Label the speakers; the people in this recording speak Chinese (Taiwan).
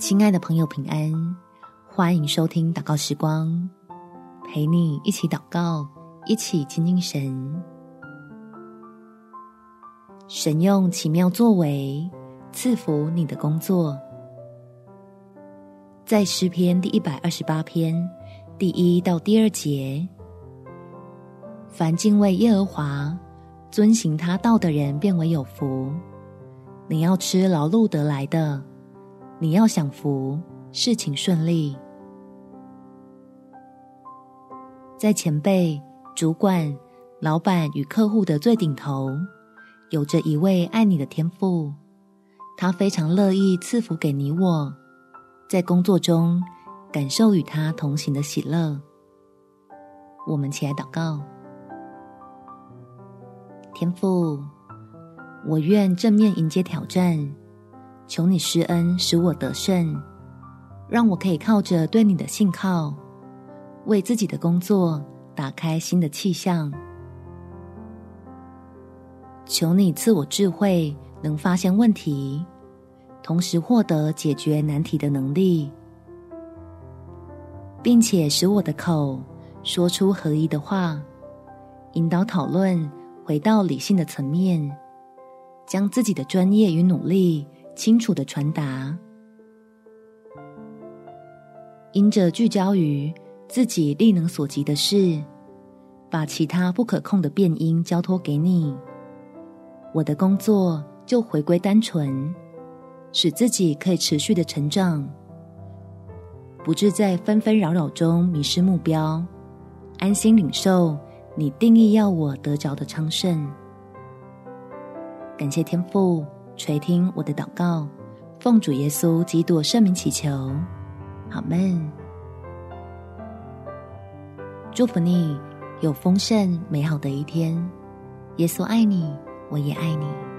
Speaker 1: 親愛的朋友，平安！歡迎收聽禱告時光，陪你一起禱告，一起親近神。神用奇妙作為賜福你的工作，在詩篇第一百二十八篇第一到第二節，凡敬畏耶和華、遵行他道的人，便為有福。你要吃勞碌得來的。你要享福，事情順利，在前輩、主管、老闆與客戶的最頂頭，有着一位愛你的天父，他非常樂意賜福給你我，在工作中感受與他同行的喜樂。我們起來禱告，天父，我願正面迎接挑戰。求你施恩，使我得勝，讓我可以靠着對你的信靠，為自己的工作打開新的氣象。求你賜我智慧，能發現問題，同時獲得解決難題的能力，並且使我的口說出合宜的話，引導討論回到理性的層面，將自己的專業與努力。清楚的傳達，因着聚焦於自己力能所及的事，把其他不可控的變因交托給你，我的工作就回歸單純，使自己可以持續的成長，不致在紛紛擾擾中迷失目標，安心領受你定意要我得着的昌盛。感謝天父。垂聽我的禱告，奉主耶穌基督聖名祈求，好阿們。祝福你有豐盛美好的一天，耶穌愛你，我也愛你。